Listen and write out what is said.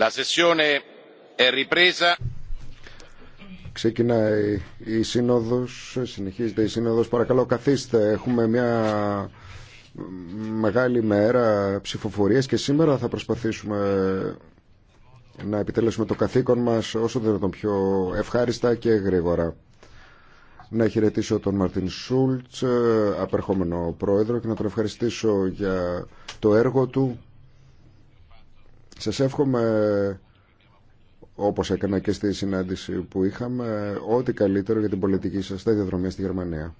La Ξεκινάει η σύνοδος, συνεχίζεται η σύνοδος. Παρακαλώ καθίστε, έχουμε μια μεγάλη μέρα ψηφοφορίες και σήμερα θα προσπαθήσουμε να επιτελέσουμε το καθήκον μας όσο δυνατόν πιο ευχάριστα και γρήγορα. Να χαιρετήσω τον Μαρτίν Σουλτ, απερχόμενο πρόεδρο και να τον ευχαριστήσω για το έργο του σας εύχομαι, όπως έκανα και στη συνάντηση που είχαμε, ό,τι καλύτερο για την πολιτική σας διαδρομιά στη Γερμανία.